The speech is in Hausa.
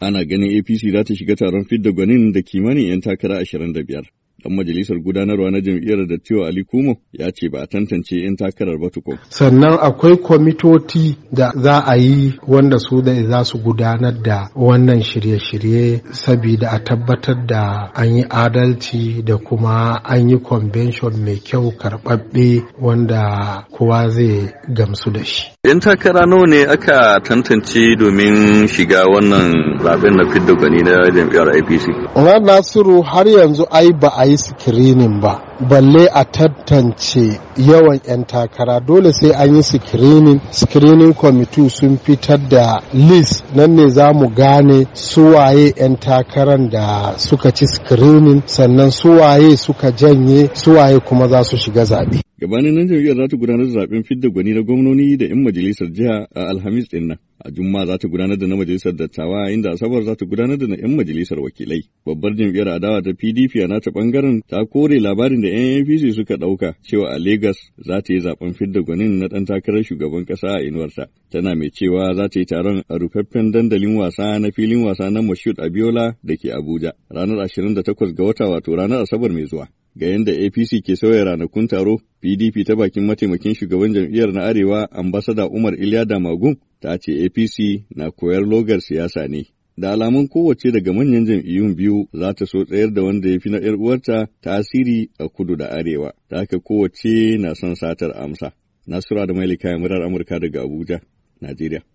Ana ganin APC za ta shiga taron fidda gwanin da kimanin 'yan takara 25. Dan majalisar gudanarwa na jam'iyyar da cewa Ali Kumo ya ce ba a tantance 'yan takarar ba tukun. Sannan akwai kwamitoti da za a yi wanda su da za su gudanar da wannan shirye-shirye sabida a tabbatar da an yi adalci da kuma an yi convention mai kyau karɓaɓɓe wanda kowa zai gamsu da shi. 'Yan takara nawa ne aka tantance domin shiga wannan zaɓen na fidda gani na jam'iyyar APC? Nasiru har yanzu ai ba a yi sikirinin ba balle a tantance yawan 'yan takara dole sai an yi sikirinin sikirinin kwamiti sun fitar da list nan ne za mu gane suwaye 'yan takaran da suka ci sikirinin sannan suwaye suka janye suwaye kuma za su shiga zaɓe gabanin nan jam'iyyar za ta gudanar da zaɓen fidda gwani na gwamnoni da 'yan majalisar jiha a alhamis ɗin nan a Juma'a za ta gudanar da na majalisar dattawa inda Asabar za ta gudanar da na 'yan majalisar wakilai. Babbar jam'iyyar adawa ta PDP a nata bangaren ta kore labarin da 'yan NPC suka ɗauka cewa a Legas za ta yi zaben fidda gwanin na ɗan takarar shugaban ƙasa a inuwarta. Tana mai cewa za ta yi taron a rufaffen dandalin wasa na filin wasa na Moshood Abiola da ke Abuja ranar ashirin da 28 ga wata wato ranar Asabar mai zuwa. ga yadda APC ke sauya ranakun taro, PDP ta bakin mataimakin shugaban jam'iyyar na Arewa, ambasada Umar Iliya Magun. ta ce APC na koyar logar siyasa ne. Da alamun kowace daga manyan jam'iyyun biyu za ta so tsayar da wanda ya fi na uwarta tasiri a kudu da arewa, ta haka kowace na son satar amsa. Nasura da Mailika murar Amurka daga Abuja, Najeriya.